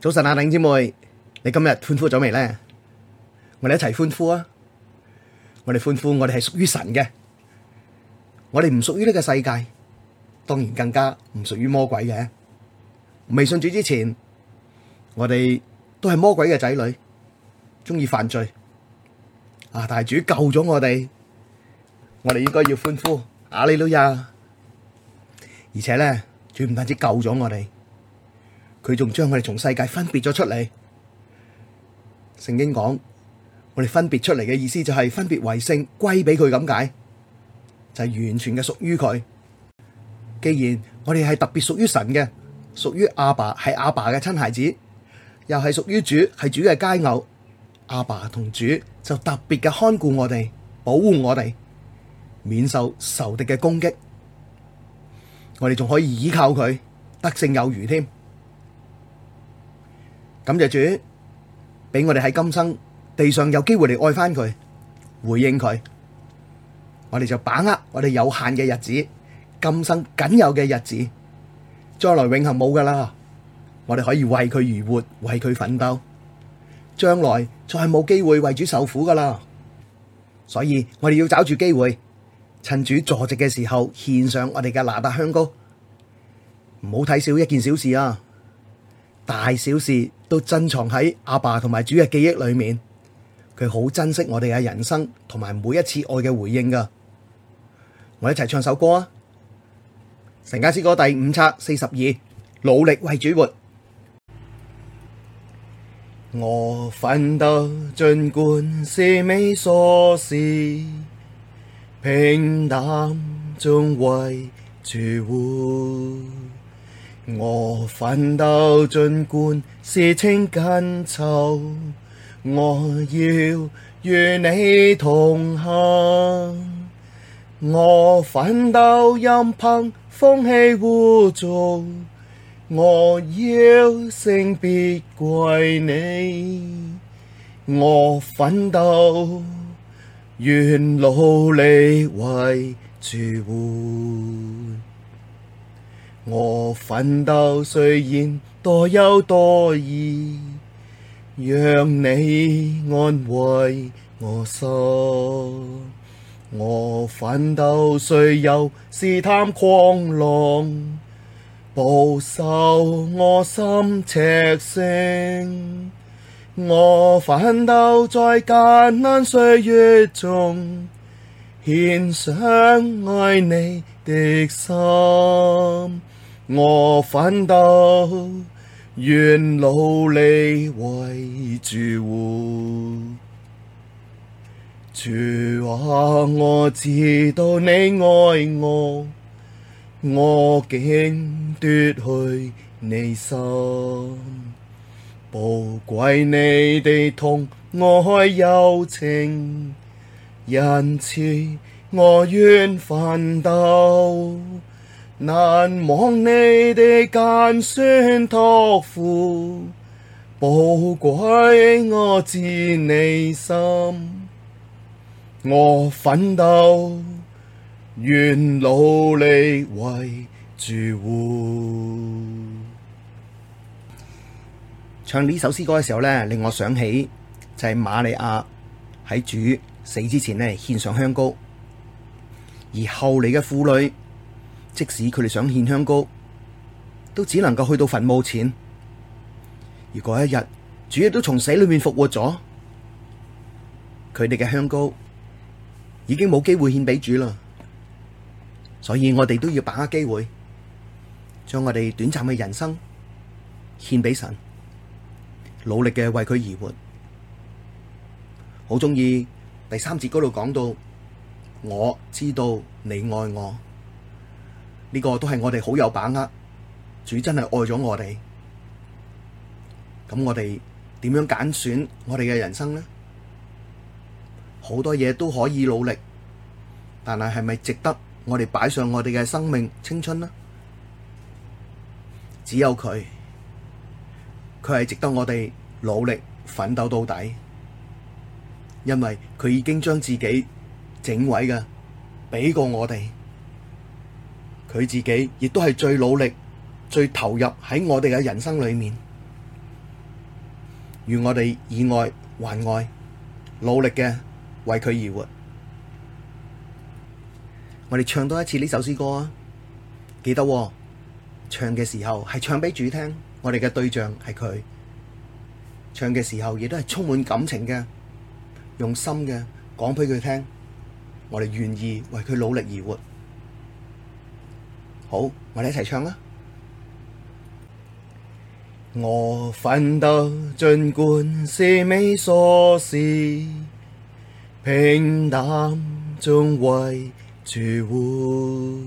早晨阿玲姐妹，你今日歡呼咗未咧？我哋一齊歡呼啊！我哋歡呼我屬於，我哋係屬於神嘅，我哋唔屬於呢個世界，當然更加唔屬於魔鬼嘅。未信主之前，我哋都係魔鬼嘅仔女，中意犯罪啊！但係主救咗我哋，我哋應該要歡呼阿里路亞，而且咧，主唔單止救咗我哋。佢仲將我哋從世界分別咗出嚟。聖經講我哋分別出嚟嘅意思就係分別為聖，歸俾佢咁解，就係、是、完全嘅屬於佢。既然我哋係特別屬於神嘅，屬於阿爸係阿爸嘅親孩子，又係屬於主係主嘅佳偶，阿爸同主就特別嘅看顧我哋，保護我哋，免受仇敵嘅攻擊。我哋仲可以依靠佢，得勝有餘添。感謝主俾我哋喺今生地上有機會嚟愛翻佢，回應佢，我哋就把握我哋有限嘅日子，今生僅有嘅日子，將來永恒冇噶啦，我哋可以為佢而活，為佢奮鬥，將來再冇機會為主受苦噶啦，所以我哋要抓住機會，趁主坐席嘅時候獻上我哋嘅拿達香膏，唔好睇少一件小事啊！大小事都珍藏喺阿爸同埋主嘅記憶裏面，佢好珍惜我哋嘅人生同埋每一次愛嘅回應㗎。我一齊唱首歌啊，神家詩歌第五冊我奮鬥，盡管事情緊湊，我要與你同行。我奮鬥，任憑風氣污俗，我要聖別歸祢。我奮鬥，願努力為主活。我奮鬥雖然多憂多疑，讓你安慰我心。我奮鬥雖有試探狂浪，保守我心赤誠。我奮鬥在艱難歲月中，獻上愛你的心。我奮鬥，願努力為主活。主阿，我知道你愛我，我竟奪去你心。寶貴祢的疼愛，我開友情因此，人我願奮鬥。難忘祢的揀選託付，寶貴，我知你心，我奮鬥，願努力為主活。唱呢首詩歌嘅時候呢，令我想起就係瑪利亞喺主死之前咧獻上香膏，而後嚟嘅婦女。即使佢哋想獻香膏，都只能夠去到墳墓前。而嗰一日主亦都從死裏面復活咗，佢哋嘅香膏已經冇機會獻俾主啦。所以我哋都要把握機會，將我哋短暫嘅人生獻俾神，努力嘅為佢而活。好中意第三節嗰度講到，我知道你愛我。呢個都係我哋好有把握，主真係愛咗我哋，咁我哋點樣揀選我哋嘅人生呢？好多嘢都可以努力，但係係咪值得我哋擺上我哋嘅生命、青春呢？只有佢，佢係值得我哋努力奮鬥到底，因為佢已經將自己整位嘅俾過我哋。佢自己亦都係最努力、最投入喺我哋嘅人生裏面，願我哋以愛還愛，努力嘅為佢而活。我哋唱多一次呢首詩歌啊！記得、哦、唱嘅時候係唱俾主聽，我哋嘅對象係佢。唱嘅時候亦都係充滿感情嘅，用心嘅講俾佢聽。我哋願意為佢努力而活。好，我哋一齊唱啦！我奮鬥，儘管是微瑣事，平淡中為主活。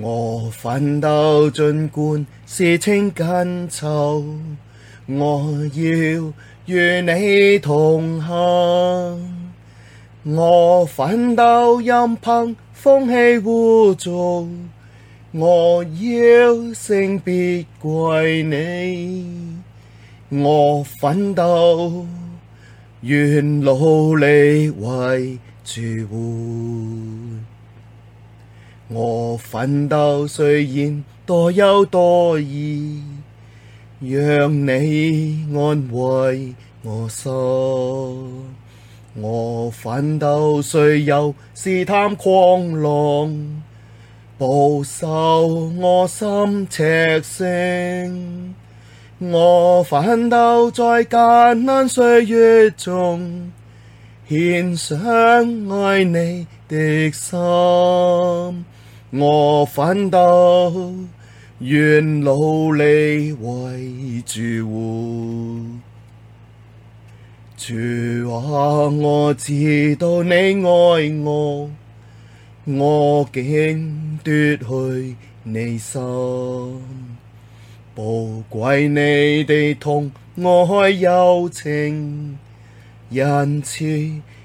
我奮鬥，儘管事情緊湊，我要與你同行。我奮鬥，任憑風氣污俗。我要聖別歸祢，我奮鬥願努力為主活。我奮鬥雖然多憂多疑，讓你安慰我心。我奮鬥雖有試探狂浪。保守我心赤誠，我奮鬥在艱難歲月中，獻上愛你的心。我奮鬥，願努力為主活，主阿，我知道你愛我。我竟奪去你心，寶貴你的疼愛柔情，因此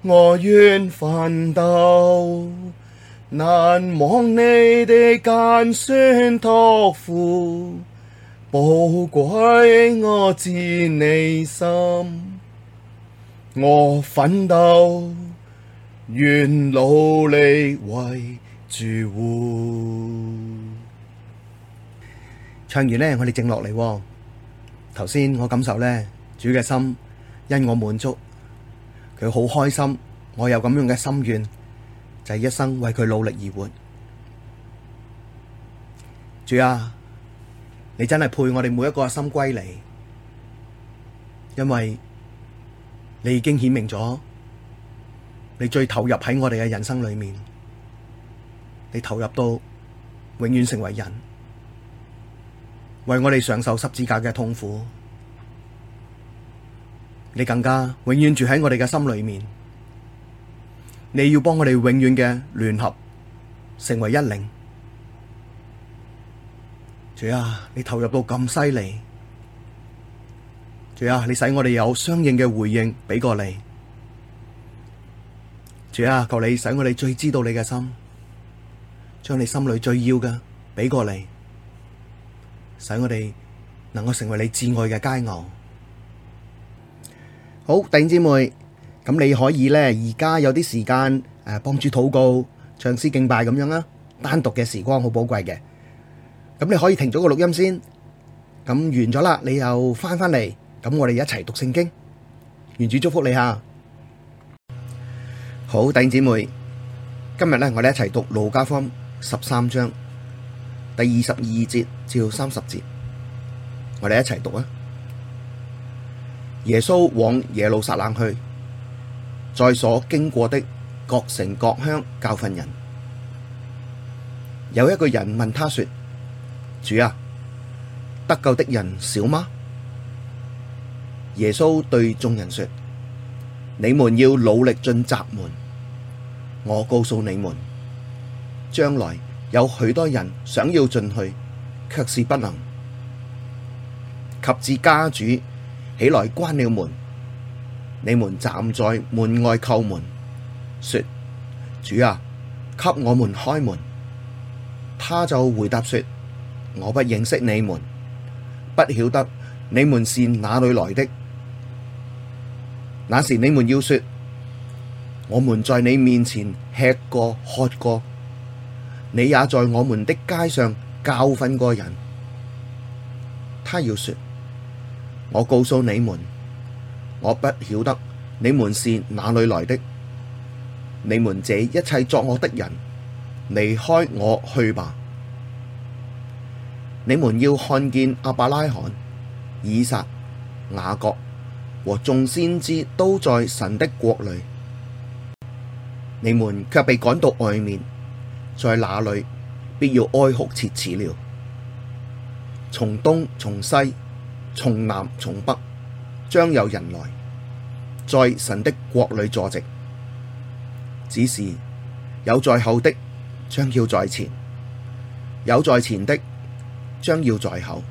我願奮鬥，難忘你的揀選托付，寶貴我知你心，我奮鬥。願努力為主活。唱完呢，我哋靜落嚟。頭先我感受呢，主嘅心因我滿足，佢好開心。我有咁樣嘅心願，就係、是、一生為佢努力而活。主啊，你真係配我哋每一個心歸嚟，因為你已經顯明咗。你最投入喺我哋嘅人生裏面，你投入到永遠成為人，為我哋承受十字架嘅痛苦，你更加永遠住喺我哋嘅心裏面。你要幫我哋永遠嘅聯合，成為一靈。主啊，你投入到咁犀利，主啊，你使我哋有相應嘅回應，俾過你。主啊，求你使我哋最知道你嘅心，將你心裏最要嘅俾過嚟，使我哋能夠成為你至愛嘅佳偶。好頂姊妹，咁你可以咧，而家有啲時間誒，幫主禱告、唱詩、敬拜咁樣啊，單獨嘅時光好寶貴嘅。咁你可以停咗個錄音先，咁完咗啦，你又翻返嚟，咁我哋一齊讀聖經。願主祝福你啊！好弟兄姊妹，今日呢，我哋一齊讀路加福音十三章第二十二節至三十節，我哋一齊讀吖：耶穌往耶路撒冷去，在所經過的各城各鄉教訓人。有一個人問他說：主啊，得救的人少嗎？耶穌對眾人說，你們要努力進窄門。我告訴你們，將來有許多人想要進去，卻是不能。及至家主起來關了門，你們站在門外叩門，說：主啊，給我們開門。他就回答說：我不認識你們，不曉得你們是哪裡來的。那時你們要說，我們在你面前吃過喝過，你也在我們的街上教訓過人。他要說：我告訴你們，我不曉得你們是哪裏來的，你們這一切作惡的人，離開我去吧。你們要看見亞伯拉罕、以撒、雅各。和眾先知都在神的國裡，你們卻被趕到外面，在那裡，必要哀哭切齒了。從東、從西、從南、從北，將有人來，在神的國裡坐席，只是有在後的，將要在前；有在前的，將要在後。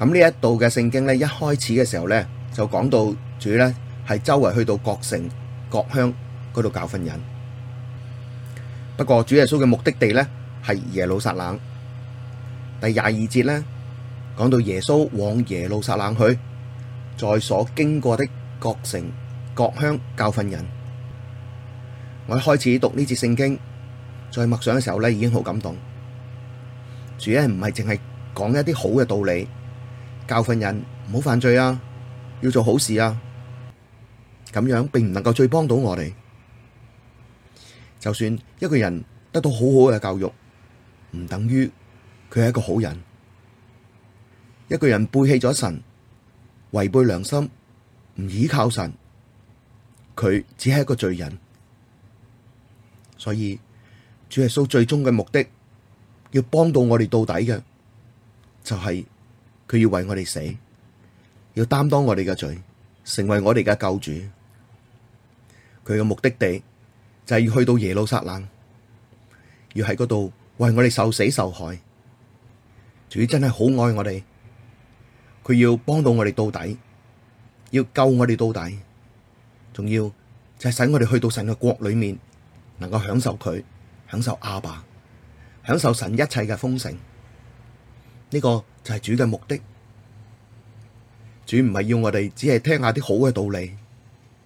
咁呢一度嘅聖經咧，一開始嘅時候咧，就講到主咧係周圍去到各城各鄉嗰度教訓人。不過主耶穌嘅目的地咧係耶路撒冷。第廿二節咧講到，耶穌往耶路撒冷去，在所經過的各城各鄉教訓人。我一開始讀呢節聖經，再默想嘅時候咧，已經好感動。主要係唔係淨係講一啲好嘅道理？教訓人唔好犯罪啊，要做好事啊，咁樣並唔能夠最幫到我哋。就算一個人得到好好嘅教育，唔等於佢係一個好人。一個人背棄咗神，違背良心，唔依靠神，佢只係一個罪人。所以，主耶穌最終嘅目的要幫到我哋到底嘅，就係、是。佢要為我哋死，要擔當我哋嘅罪，成為我哋嘅救主。佢嘅目的地就係要去到耶路撒冷，要喺嗰度為我哋受死受害。主真係好愛我哋，佢要幫到我哋到底，要救我哋到底，仲要就係使我哋去到神嘅國裏面，能夠享受佢，享受阿爸，享受神一切嘅豐盛。呢、這個。就係主嘅目的，主唔係要我哋只係聽下啲好嘅道理，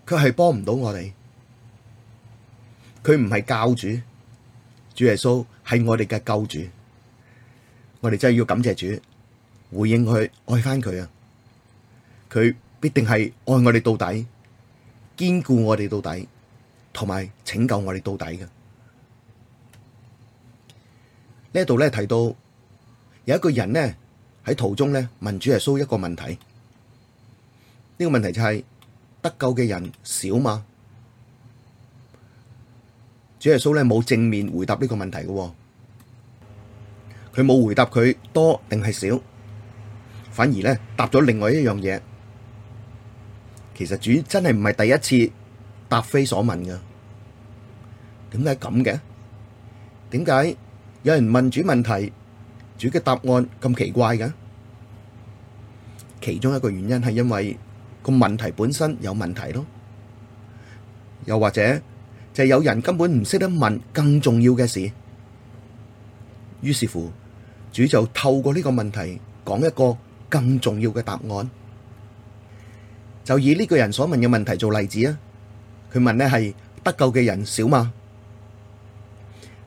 佢係幫唔到我哋，佢唔係教主，主耶穌係我哋嘅救主，我哋真係要感謝主，回應佢愛返佢啊！佢必定係愛我哋到底，堅固我哋到底，同埋拯救我哋到底嘅。呢一度咧提到有一個人咧。喺途中咧，問主耶穌一個問題，呢個問題就係得救嘅人少嘛？主耶穌咧冇正面回答呢個問題嘅喎，佢冇回答佢多定係少，反而咧答咗另外一樣嘢。其實主真係唔係第一次答非所問嘅，點解咁嘅？點解有人問主問題，主嘅答案咁奇怪嘅，其中一個原因係因為個問題本身有問題咯，又或者就係有人根本唔識得問更重要嘅事，於是乎主就透過呢個問題講一個更重要嘅答案，就以呢個人所問嘅問題做例子啊。佢問呢係得救嘅人少嘛？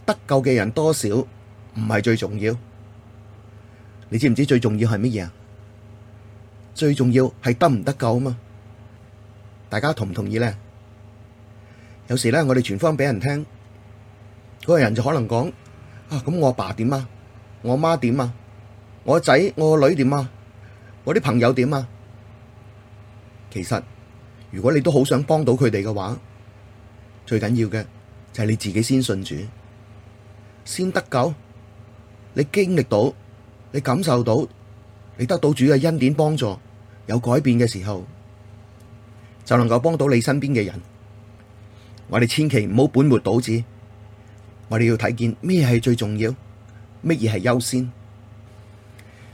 得救嘅人，人多少唔係最重要。你知唔知最重要係乜嘢啊？最重要係得唔得救啊嘛？大家同唔同意咧？有時咧，我哋傳翻俾人聽，嗰個人就可能講：啊，咁我阿爸點啊？我阿媽點啊？我仔我女點啊？我啲朋友點啊？其實，如果你都好想幫到佢哋嘅話，最緊要嘅就係你自己先信主，先得救，你經歷到。你感受到你得到主嘅恩典幫助，有改變嘅時候，就能夠幫到你身邊嘅人。我哋千祈唔好本末倒置，我哋要睇見咩係最重要，乜嘢係優先。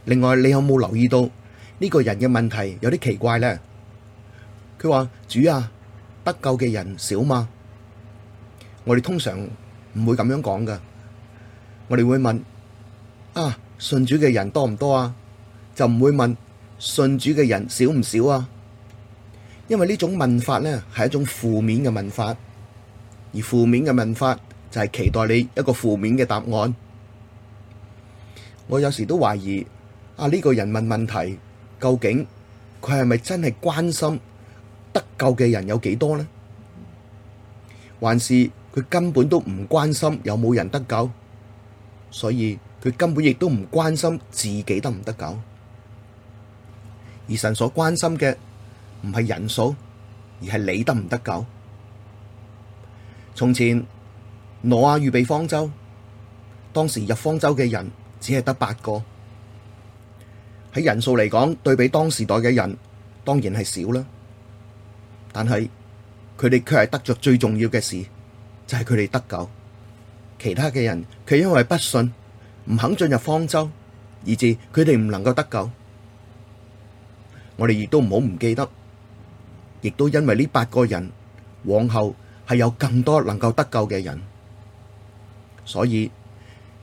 另外，你有冇留意到呢個人嘅問題有啲奇怪咧？佢話，主啊，得救嘅人少嘛？我哋通常唔會咁樣講噶我哋會問啊。信主嘅人多唔多啊？就唔會問信主嘅人少唔少啊？因為呢種問法呢係一種負面嘅問法，而負面嘅問法就係期待你一個負面嘅答案。我有時都懷疑啊，呢個人問問題，究竟佢係咪真係關心得救嘅人有幾多呢？還是佢根本都唔關心有冇人得救？所以。佢根本亦都唔關心自己得唔得救，而神所關心嘅唔係人數，而係你得唔得救。從前挪亞預備方舟，當時入方舟嘅人只係得八個，喺人數嚟講對比當時代嘅人，當然係少啦。但係佢哋卻係得着最重要嘅事，就係佢哋得救。其他嘅人佢因為不信。唔肯進入方舟，以致佢哋唔能夠得救。我哋亦都唔好唔記得，亦都因為呢八個人，往後係有更多能夠得救嘅人。所以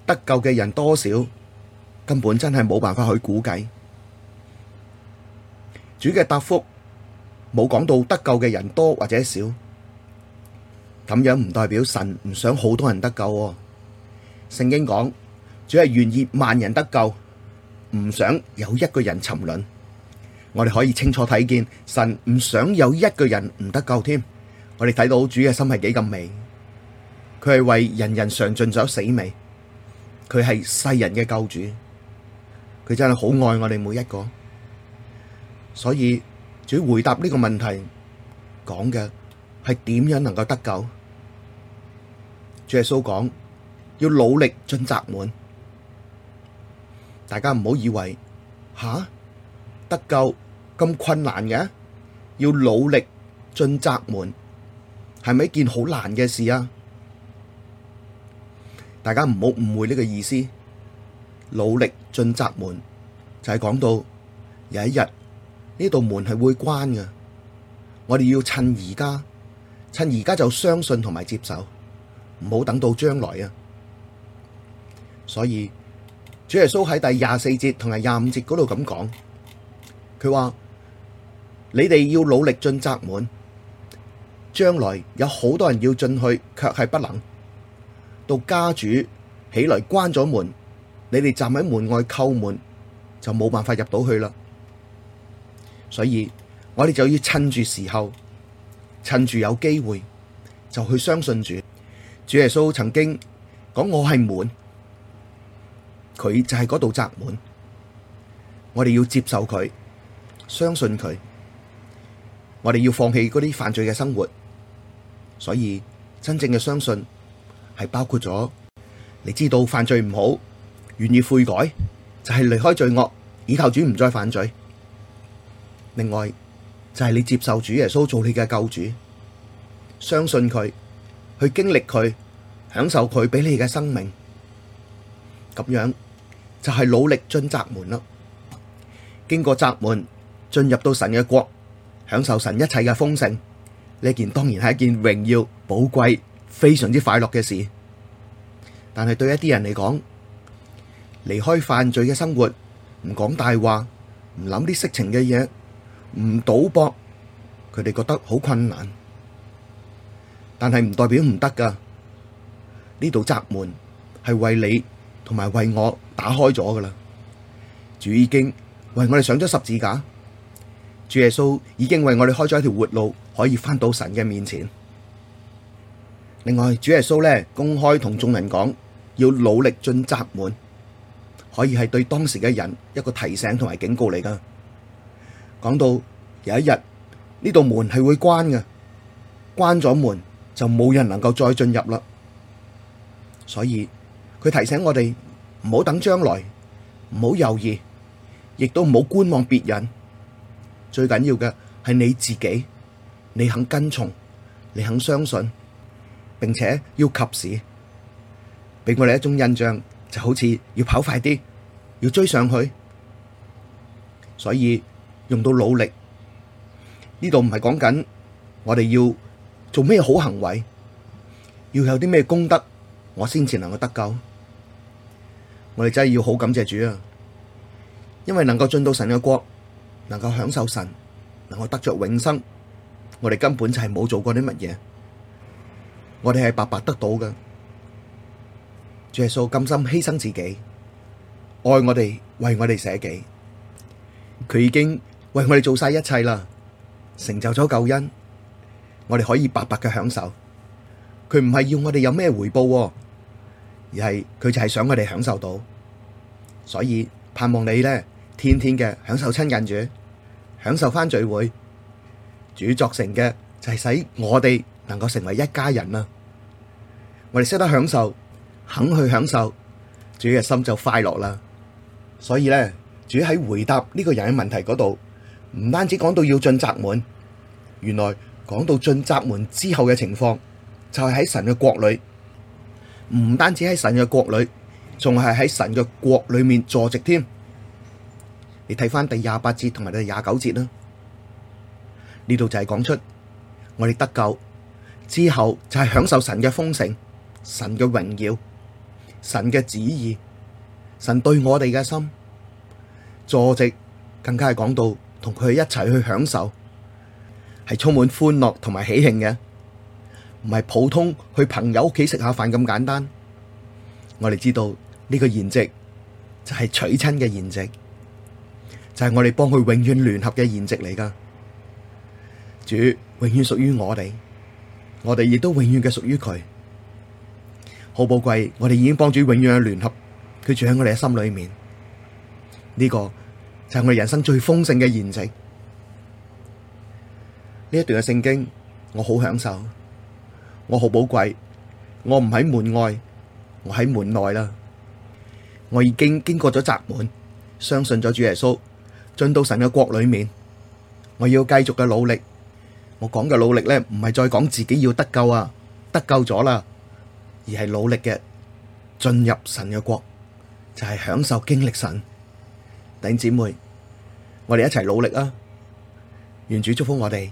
得救嘅人多少，根本真係冇辦法去估計。主嘅答覆冇講到得救嘅人多或者少，咁樣唔代表神唔想好多人得救啊。聖經講。主係願意萬人得救，唔想有一個人沉淪。我哋可以清楚睇見，神唔想有一個人唔得救添。我哋睇到主嘅心係幾咁美，佢係為人人嘗盡咗死味，佢係世人嘅救主，佢真係好愛我哋每一個。所以，主回答呢個問題講嘅係點樣能夠得救？主耶穌講，要努力進窄門。大家唔好以為，吓，得救咁困難嘅，要努力進窄門，係咪一件好難嘅事啊？大家唔好誤會呢個意思，努力進窄門就係講到有一日呢道門係會關嘅，我哋要趁而家，趁而家就相信同埋接受，唔好等到將來啊！所以。主耶穌喺第廿四節同埋廿五節嗰度咁講，佢話：你哋要努力進窄門，將來有好多人要進去，卻係不能。到家主起來關咗門，你哋站喺門外叩門，就冇辦法入到去啦。所以我哋就要趁住時候，趁住有機會，就去相信住主。主耶穌曾經講我係門。佢就係嗰度窄門，我哋要接受佢，相信佢，我哋要放棄嗰啲犯罪嘅生活。所以真正嘅相信係包括咗，你知道犯罪唔好，願意悔改就係離開罪惡，倚靠主唔再犯罪。另外就係你接受主耶穌做你嘅救主，相信佢，去經歷佢，享受佢俾你嘅生命，咁樣。就係努力進窄門啦，經過窄門進入到神嘅國，享受神一切嘅豐盛，呢件當然係一件榮耀、寶貴、非常之快樂嘅事。但係對一啲人嚟講，離開犯罪嘅生活，唔講大話，唔諗啲色情嘅嘢，唔賭博，佢哋覺得好困難。但係唔代表唔得噶，呢度窄門係為你。同埋為我打開咗噶啦，主已經為我哋上咗十字架，主耶穌已經為我哋開咗一條活路，可以翻到神嘅面前。另外，主耶穌呢公開同眾人講，要努力進窄門，可以係對當時嘅人一個提醒同埋警告嚟噶。講到有一日呢道門係會關嘅，關咗門就冇人能夠再進入啦，所以。佢提醒我哋唔好等將來，唔好猶豫，亦都唔好觀望別人。最緊要嘅係你自己，你肯跟從，你肯相信，並且要及時俾我哋一種印象，就好似要跑快啲，要追上去。所以用到努力。呢度唔係講緊我哋要做咩好行為，要有啲咩功德，我先至能夠得救。我哋真係要好感謝主啊！因為能夠進到神嘅國，能夠享受神，能夠得着永生，我哋根本就係冇做過啲乜嘢，我哋係白白得到嘅。耶穌甘心犧牲自己，愛我哋，為我哋捨己，佢已經為我哋做晒一切啦，成就咗救恩，我哋可以白白嘅享受，佢唔係要我哋有咩回報喎。而係佢就係想我哋享受到，所以盼望你咧，天天嘅享受親近主，享受翻聚會，主作成嘅就係使我哋能夠成為一家人啦。我哋識得享受，肯去享受，主嘅心就快樂啦。所以咧，主喺回答呢個人嘅問題嗰度，唔單止講到要進窄門，原來講到進窄門之後嘅情況，就係喺神嘅國裏。唔單止喺神嘅國裏，仲係喺神嘅國裏面坐席添。你睇翻第廿八節同埋第廿九節啦，呢度就係講出我哋得救之後就係享受神嘅豐盛、神嘅榮耀、神嘅旨意、神對我哋嘅心坐席，更加係講到同佢一齊去享受，係充滿歡樂同埋喜慶嘅。唔係普通去朋友屋企食下飯咁簡單，我哋知道呢個筵席就係娶親嘅筵席，就係我哋幫佢永遠聯合嘅筵席嚟噶。主永遠屬於我哋，我哋亦都永遠嘅屬於佢。好寶貴，我哋已經幫主永遠嘅聯合，佢住喺我哋嘅心裏面。呢個就係我哋人生最豐盛嘅筵席。呢一段嘅聖經，我好享受。我好寶貴，我唔喺門外，我喺門內啦。我已經經過咗窄門，相信咗主耶穌，進到神嘅國裏面。我要繼續嘅努力，我講嘅努力咧，唔係再講自己要得救啊，得救咗啦，而係努力嘅進入神嘅國，就係享受經歷神。弟兄姊妹，我哋一齊努力啊！願主祝福我哋。